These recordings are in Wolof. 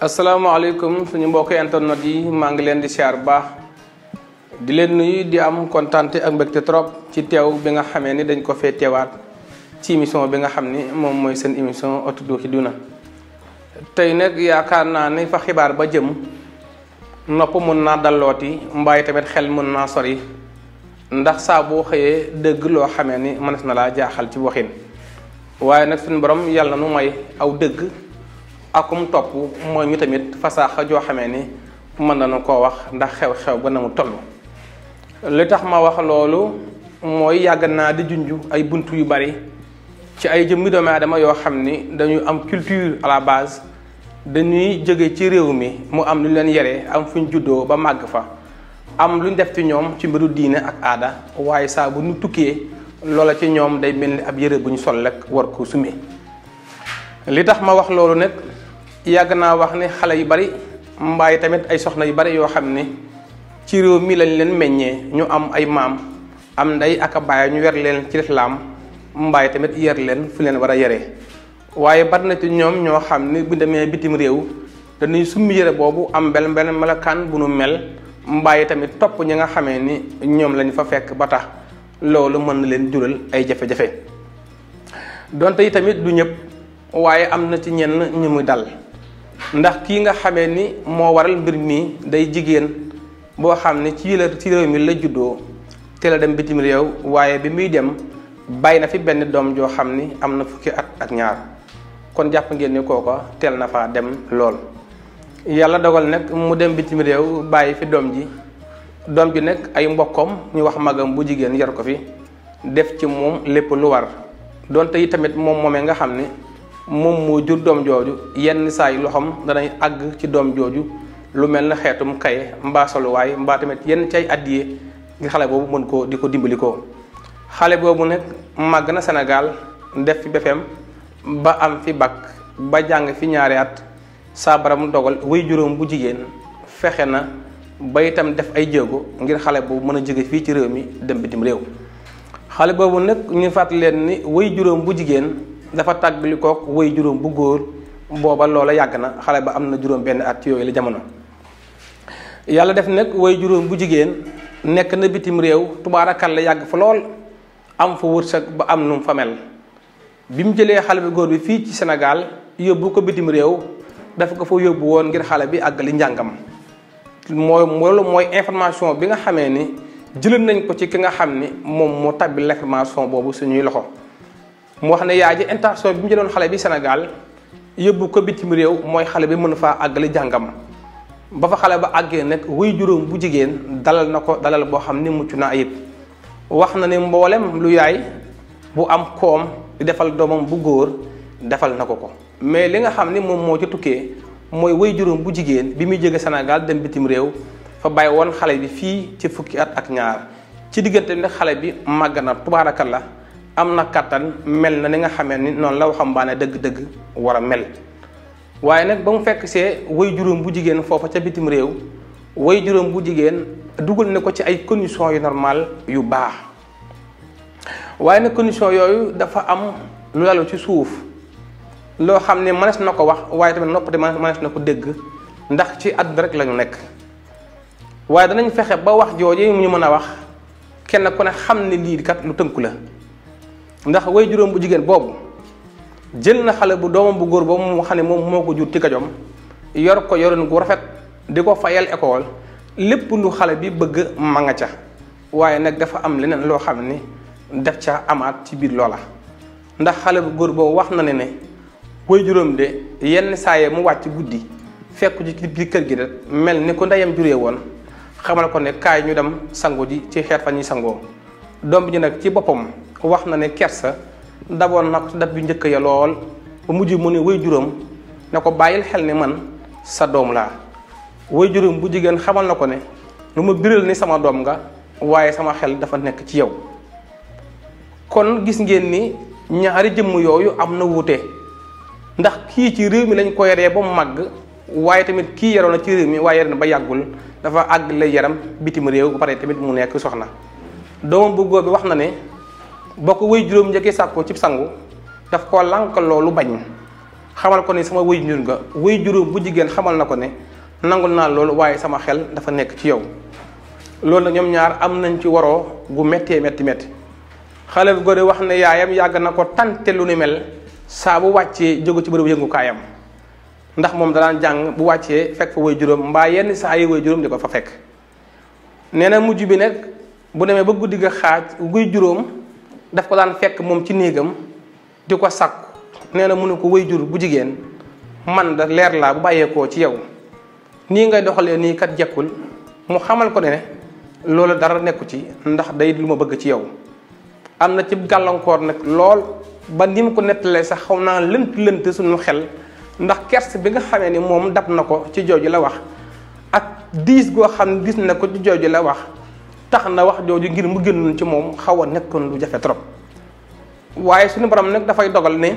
asalaamaaleykum suñu mbokk internet yi maa ngi leen di siyaar bu baax di leen nuyu di am kontaan ak mbégte trop ci teew bi nga xamee ni dañ ko fee teewaat ci émission bi nga xam ni moom mooy seen émission Ëttu Doxiduna tey nag yaakaar naa ni fa xibaar ba jëm nopp mën naa dallooti mbaay tamit xel mën naa sori ndax saa boo xëyee dëgg loo xamee ni mënees na laa jaaxal ci waxin waaye nag suñu borom yàlla nu may aw dëgg akum topp mooy ñu tamit fasaaxa joo xamee ni mën nañu koo wax ndax xew-xew ba na mu toll li tax ma wax loolu mooy yàgg naa di junj ay bunt yu bari ci ay jëmmi doomu yoo xam ni dañuy am culture à la base dañuy jóge ci réew mi mu am lu ñu leen yare am fu juddoo ba màgg fa am lu ñu def ci ñoom ci mbiru diine ak aada waaye saabu bu tukkee loola ci ñoom day mel ni ab yëre bu ñu sol rek war ko sumee li tax ma wax loolu nag yàgg naa wax ne xale yu bari mbaay tamit ay soxna yu bari yoo xam ni ci réew mii lañ leen meññee ñu am ay maam am nday ak a baay ñu wer leen ci lislaam mbaay tamit yer leen fu leen war a yere waaye bari na ci ñoom ñoo xam ne bu demee bitim réew danuy summi yére boobu am benn benn melokaan bu nu mel mbaay tamit topp ñi nga xamee ni ñoom lañ fa fekk ba tax loolu mën na leen jural ay jafe-jafe donte yi tamit du ñëpp waaye am na ci ñenn ñu muy dal ndax kii nga xamee ni moo waral mbir mi day jigéen boo xam ne ci la ci réew mi la juddoo te la dem bitim réew waaye bi muy dem bàyyi na fi benn doom joo xam ni am na fukki at ak ñaar kon jàpp ngeen ni kooko teel na fa dem lool. yàlla dogal nag mu dem bitim réew bàyyi fi doom ji doom ji nag ay mbokkoom ñu wax magam bu jigéen yar ko fi def ci moom lépp lu war donte yi tamit moom moomee nga xam ni. moom moo jur doom jooju yenn saa loxoom danañ àgg ci doom jooju lu mel ne xeetum kaye mbaa soluwaay mbaa tamit yenn cay addiye ngir xale boobu mën koo di ko dimbali koo xale boobu nag màgg na Sénégal def fi ba am fi ba jàng fi ñaari at saa baram dogal way juróom bu jigéen fexe na ba itam def ay jéego ngir xale boobu mën a jóge fii ci réew mi dem bitim réew xale boobu nag ñu fàttali leen ni juróom bu jigéen dafa tàggali kook woy juróom bu góor booba loola yàgg na xale ba am na juróom benn at ci yooyu la jamono yàlla def nag woy juróom bu jigéen nekk na bitim réew tubaarakalla yàgg fa lool am fa wërsëg ba am nu mu fa mel bi mu jëlee xale bu góor bi fii ci senegal yóbbu ko bitim réew dafa ko fa yóbbu woon ngir xale bi àgg li njàngam mooy loolu mooy information bi nga xamee ni jëlal nañ ko ci ki nga xam ni moom moo tabbi l'information boobu suñuy loxo mu wax ne yaay ji intention bi mu jëloon xale bi senegal yóbbu ko bitim réew mooy xale bi mën faa àggali jàngam ba fa xale ba àggee nag wuy juróom bu jigéen dalal na ko dalal boo xam ne mucc na ayib wax na ne mboolem lu yaay bu am koom di defal doomam bu góor defal na ko ko mais li nga xam ne moom moo ci tukkee mooy wuy juróom bu jigéen bi muy jóge Sénégal dem bitim réew fa bàyyi woon xale bi fii ci fukki at ak ñaar ci diggante bi nag xale bi màgg na tubaarakat la am na kàttan mel na ni nga xamee ni noonu la waxambaane dëgg-dëgg war a mel waaye nag ba mu fekk see way juróom bu jigéen foofa ca bitim réew woy juróom bu jigéen dugal na ko ci ay conditions yu normal yu baax waaye nag condition yooyu dafa am lu lalu ci suuf loo xam ne mënees na ko wax waaye tamit nopp de mënees na ko dégg ndax ci àdduna rek lañu nekk waaye danañ fexe ba wax jooje ñu mën a wax kenn ku ne xam ne lii kat lu tënku la ndax way juróom bu jigéen boobu jël na xale bu doomam bu góor boobu mu xam ne moom moo ko jur ci kajom yor ko yorin gu rafet di ko fayal école lépp lu xale bi bëgg ma nga ca waaye nag dafa am leneen loo xam ni def ca amaat ci biir loola ndax xale bu góor boobu wax na ne ne way juróom de yenn saaye mu wàcc guddi fekk ci biir kër gi de mel ni ku ndeyam juree woon xamal ko ne kaay ñu dem sangu ji ci xeet fa ñuy sangoo doom bi ñu nag ci boppam wax na ne kersa daboon na dab bi njëkk ya lool ba mujj mu ne way juróom ne ko bàyyil xel ne man sa doom laa way juróom bu jigéen xamal na ko ne lu ma biral ne sama doom nga waaye sama xel dafa nekk ci yow kon gis ngeen ni ñaari jëmm yooyu am na wuute ndax kii ci réew mi lañ ko yaree ba mu màgg waaye tamit kii yaroon na ci réew mi waaye yar na ba yàggul dafa àgg lay yaram bitim réew ba pare tamit mu nekk soxna doomam bu góor bi wax na ne bokk woy juróom njëkkee sàkkoo cib sangu daf koo lànk lu bañ xamal ko ne sama wéy jur nga wéy juróom bu jigéen xamal na ko ne nangu naa loolu waaye sama xel dafa nekk ci yow loolu nag ñoom ñaar am nañ ci waroo gu méttee métti métti xale bu góor wax na yaayam yàgg na ko tante lu ni mel saa bu wàccee jógu ci bërëb yëngukaayam ndax moom danaan jàng bu wàccee fekk fa way juróom mbaa yenn saa yi way juróom di ko fa fekk nee na mujj bi nag bu demee ba guddi ga xaaj juróom daf ko daan fekk moom ci néegam di ko sàkku nee na mu ne ko way jur bu jigéen man da leer laa bu bàyyeekoo ci yow nii ngay doxalee nii kat jekkul mu xamal ko ne loolu dara nekku ci ndax day lu ma bëgg ci yow am na ci gàllankoor nag lool ba ni mu ko nettalee sax xaw naa lënt lënt suñu xel ndax kers bi nga xamee ni moom dab na ko ci jooju la wax ak diis goo xam ne gis na ko ci jooju la wax tax na wax jooju ngir mu génn ci moom xaw a nekkoon lu jafe trop waaye suñu baram nag dafay dogal ne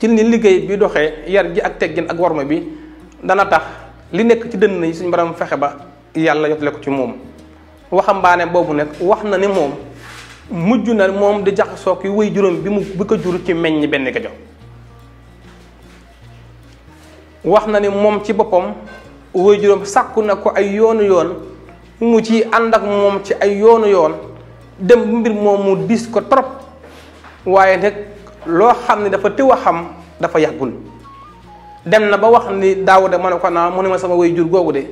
ci ni liggéey bi doxee yar ji ak teggin ak worma bi dana tax li nekk ci dënn yi suñu borom fexe ba yàlla yotale ko ci moom waxambaane boobu nag wax na ne moom mujj na moom di jaxasoo ki wéy juróom bi mu bi ko jur ci meññ benn ko wax na ni moom ci boppam woy juróom sàkku na ko ay yoonu yoon mu ci ànd ak moom ci ay yoonu yoon dem mbir moom mu diis ko trop waaye nag loo xam ne dafa tëw a xam dafa yàggul dem na ba wax ni daaw de ma ne ko naa mu ne ma sama way jur googu de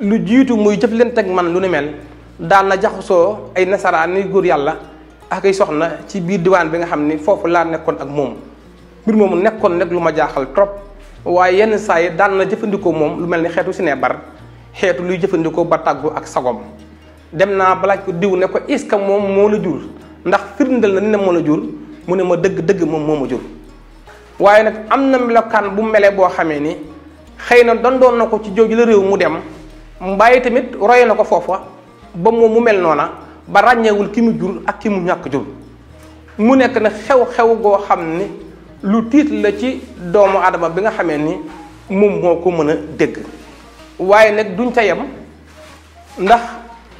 lu jiitu muy jëf leen teg man lu ni mel daan na jaxasoo ay nasaraan ni góor yàlla ak ay soxna ci biir diwaan bi nga xam ne foofu laa nekkoon ak moom mbir moomu nekkoon nag lu ma jaaxal trop waaye yenn saa yi daan na jëfandikoo moom lu mel ni xeetu si ne bar xeetu luy jëfandikoo ba tàggu ak sagom dem naa ba laaj ko diw ne ko est-ce que moom moo la jur ndax firndeel na ni ne moo la jur mu ne ma dëgg dëgg moom moo ma jur waaye nag am na melokaan bu mele boo xamee ni xëy na dandoon na ko ci jooju la réew mu dem mbaay tamit roye na ko foofa ba moom mu mel noona ba ràññeewul ki mu jur ak ki mu ñàkk jur mu nekk na xew-xew goo xam ni lu tiit la ci doomu aadama bi nga xamee ni moom moo ko mën a dégg waaye nag duñ ca yem ndax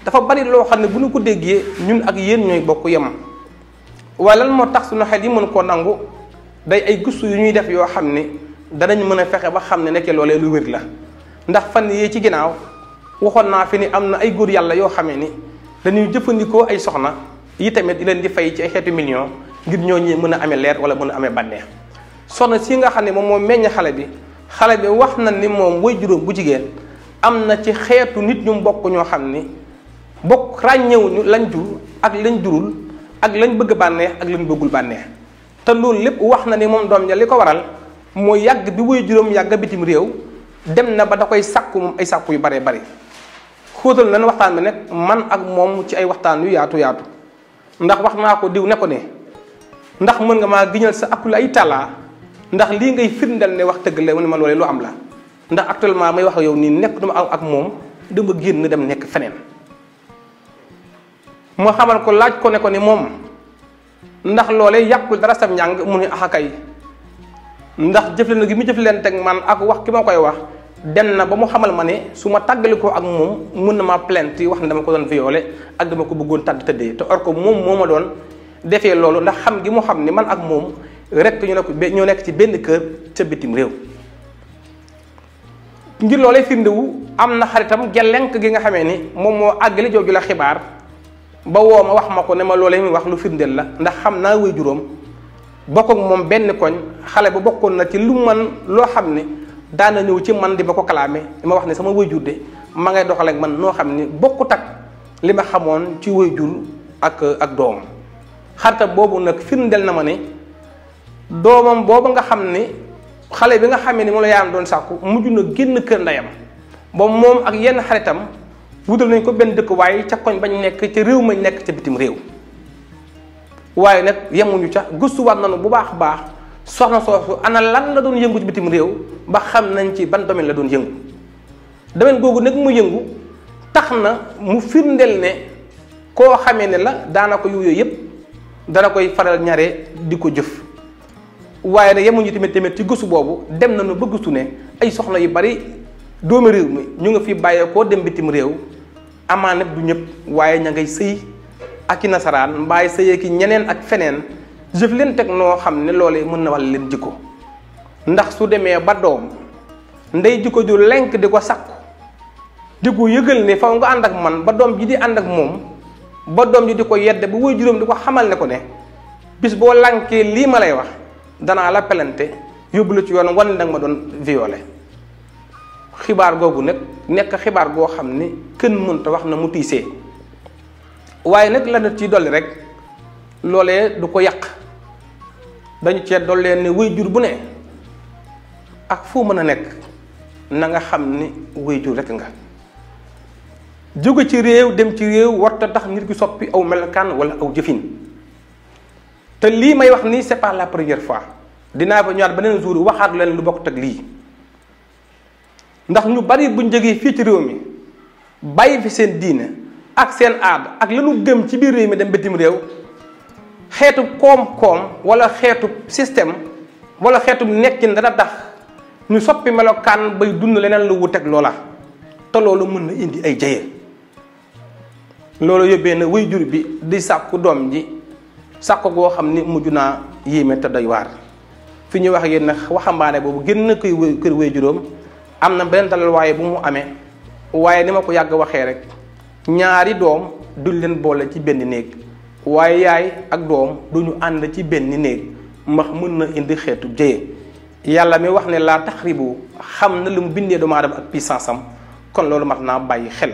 dafa bari loo xam ne bu ñu ko déggee ñun ak yéen ñooy bokk yem waaye lan moo tax su suñu xel yi mën koo nangu day ay gëstu yu ñuy def yoo xam ne danañ mën a fexe ba xam ne nekkee loolee lu wér la ndax fan yee ci ginnaaw waxoon naa fi ni am na ay góor yàlla yoo xamee ni dañuy jëfandikoo ay soxna yi tamit di leen di fay ci ay xeetu million ngir ñooñu mën a amee leer wala mën a amee bànneex soxna sii nga xam ne moom moo meññ xale bi xale bi wax na ni moom way juróom bu jigéen am na ci xeetu nit ñu bokk ñoo xam ni bokk ràññewuñu lañ jur ak lañ jurul ak lañ bëgg bànneex ak lañ bëggul bànneex te loolu lépp wax na ni moom doom ja li ko waral mooy yàgg bi wuy juróom yàgg bitim réew dem na ba da koy sàkk moom ay sàkku yu baree bari xóotal nan waxtaan bi nag man ak moom ci ay waxtaan yu yaatu yaatu ndax wax naa ko diw ne ko ne ndax mën nga ma giñal sa appla ay tàllaa ndax lii ngay firndal ne wax tëgg la mu ma loolee lu am la ndax actuellement may wax ak yow nii nekk dama ak moom dama génn dem nekk feneen moo xamal ko laaj ko ne ko ni moom ndax loolee yàqul dara sam njàng mu ne axakay ah ndax jëflante gi mu jëflante ak man ak wax ki ma koy wax dem na ba mu xamal ma ne su ma tàggalikoo ak moom mun na ma plainte wax ne dama ko doon yoole ak dama ko bëggoon tàdd tëddee te or ko moom moo ma doon defee loolu ndax xam gi mu xam ni man ak moom rek ñu ne ko ñoo nekk ci benn kër ca bitim réew ngir loolee firnde wu am na xaritam gellenk gi nga xamee ni moom moo àggale jooju la xibaar ba woo ma wax ma ko ne ma loolee mi wax lu firndeel la ndax xam naa wéy juróom bokk ak moom benn koñ xale ba bokkoon na ci lu man loo xam ne daana ñëw ci man di ma ko kalaame wax ne sama wéyjur de ma ngay doxaleek man noo xam ne bokkut ak li ma xamoon ci wéyjur ak ak doom xaritam boobu nag firndeel na ma ne doomam boobu nga xam ni xale bi nga xamee ni moom la yaayam doon sàkku mujj na génn kër ndeyam ba moom ak yenn xaritam wutal nañ ko benn dëkk waaye ca koñ bañ nekk ca réew mañ nekk ca bitim réew waaye nag yemuñu ca gëstuwaat nañu bu baax baax soxna soosu ana lan la doon yëngu ci réew ba xam nañ ci ban domaine la doon yëngu domaine googu nag mu yëngu tax na mu firndeel ne koo xamee ne la daana ko yooyu yëpp dana koy faral ñare di ko jëf waaye nag yemuñu tamit tamit ci gëstu boobu dem na nu ba gëstu ne ay soxla yu bari doomi réew mi ñu nga fi bàyyeekoo dem bitim réew amaana bu ñëpp waaye ña ngay sëy ak i nasaraan mbaay sëyee ki ñeneen ak feneen jëf leen teg noo xam ne loole mën na wàll leen jikko ndax su demee ba doom ndey jikko ju lenk di ko sakku di ko yëgal ne faw nga ànd ak man ba doom ji di ànd ak moom ba doom ji di ko yedd ba woy juróom di ko xamal ne ko ne bis boo lankee lii ma lay wax danaa la pelante yóbbu la ci yoon wan nag ma doon violé xibaar googu nag nekk xibaar goo xam ne kenn mënta wax na mu tiisee waaye nag la na ci dolli rek loolee du ko yàq dañu cee dollee ne wéy jur bu ne ak foo mën a nekk na nga xam ni wéy jur rekk nga jóge ci réew dem ci réew warta tax nit ki soppi aw melokaan wala aw jëfin te lii may wax nii c'est pas la première fois dinaa ba ñëwaat beneen jour waxaat leen lu bokk ak lii ndax ñu bari bu jógee fii ci réew mi bàyyi fi seen diine ak seen aada ak lanu gëm ci biir réew mi dem bitim réew xeetu koom-koom walla xeetu système wala xeetu nekkin dana tax ñu soppi melokaan bay dund leneen lu wuteeg loola te loolu mën na indi ay jaye loolu yóbbee na waajur bi di sàkku doom ji sàkko goo xam ni mujj naa yéeme te doy waar fi ñu wax yéen nag waxambaane boobu génn na koy kër wéy juróom am na benn dalal waaye bu mu amee waaye ni ma ko yàgg waxee rek ñaari doom duñ leen boole ci benn néeg waaye yaay ak doom ñu ànd ci benn néeg mbax mën na indi xeetu jëye yàlla mi wax ne laa taxribu xam na lu mu bindee doomu aadama ak puissance am kon loolu mat naa bàyyi xel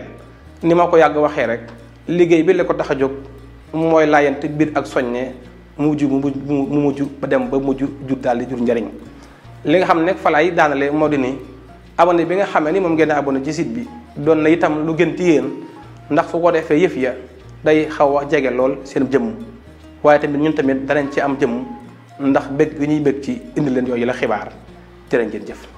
ni ma ko yàgg waxee rek liggéey bi la ko tax a jóg mooy laayante biir ak soññe mu mujj mu mu mujj ba dem ba mujj jur daal di jur njariñ li nga xam ne falaay daanale moo di ni abonné bi nga xamee ni moom ngeen abonné ci site bi doon na itam lu gën ci yéen ndax su ko defee yëf ya day xaw a jege lool seen jëmm waaye tamit ñun tamit danañ ci am jëmm ndax bëgg gi ñuy bëgg ci indi leen yooyu la xibaar jërë ngeen jëf.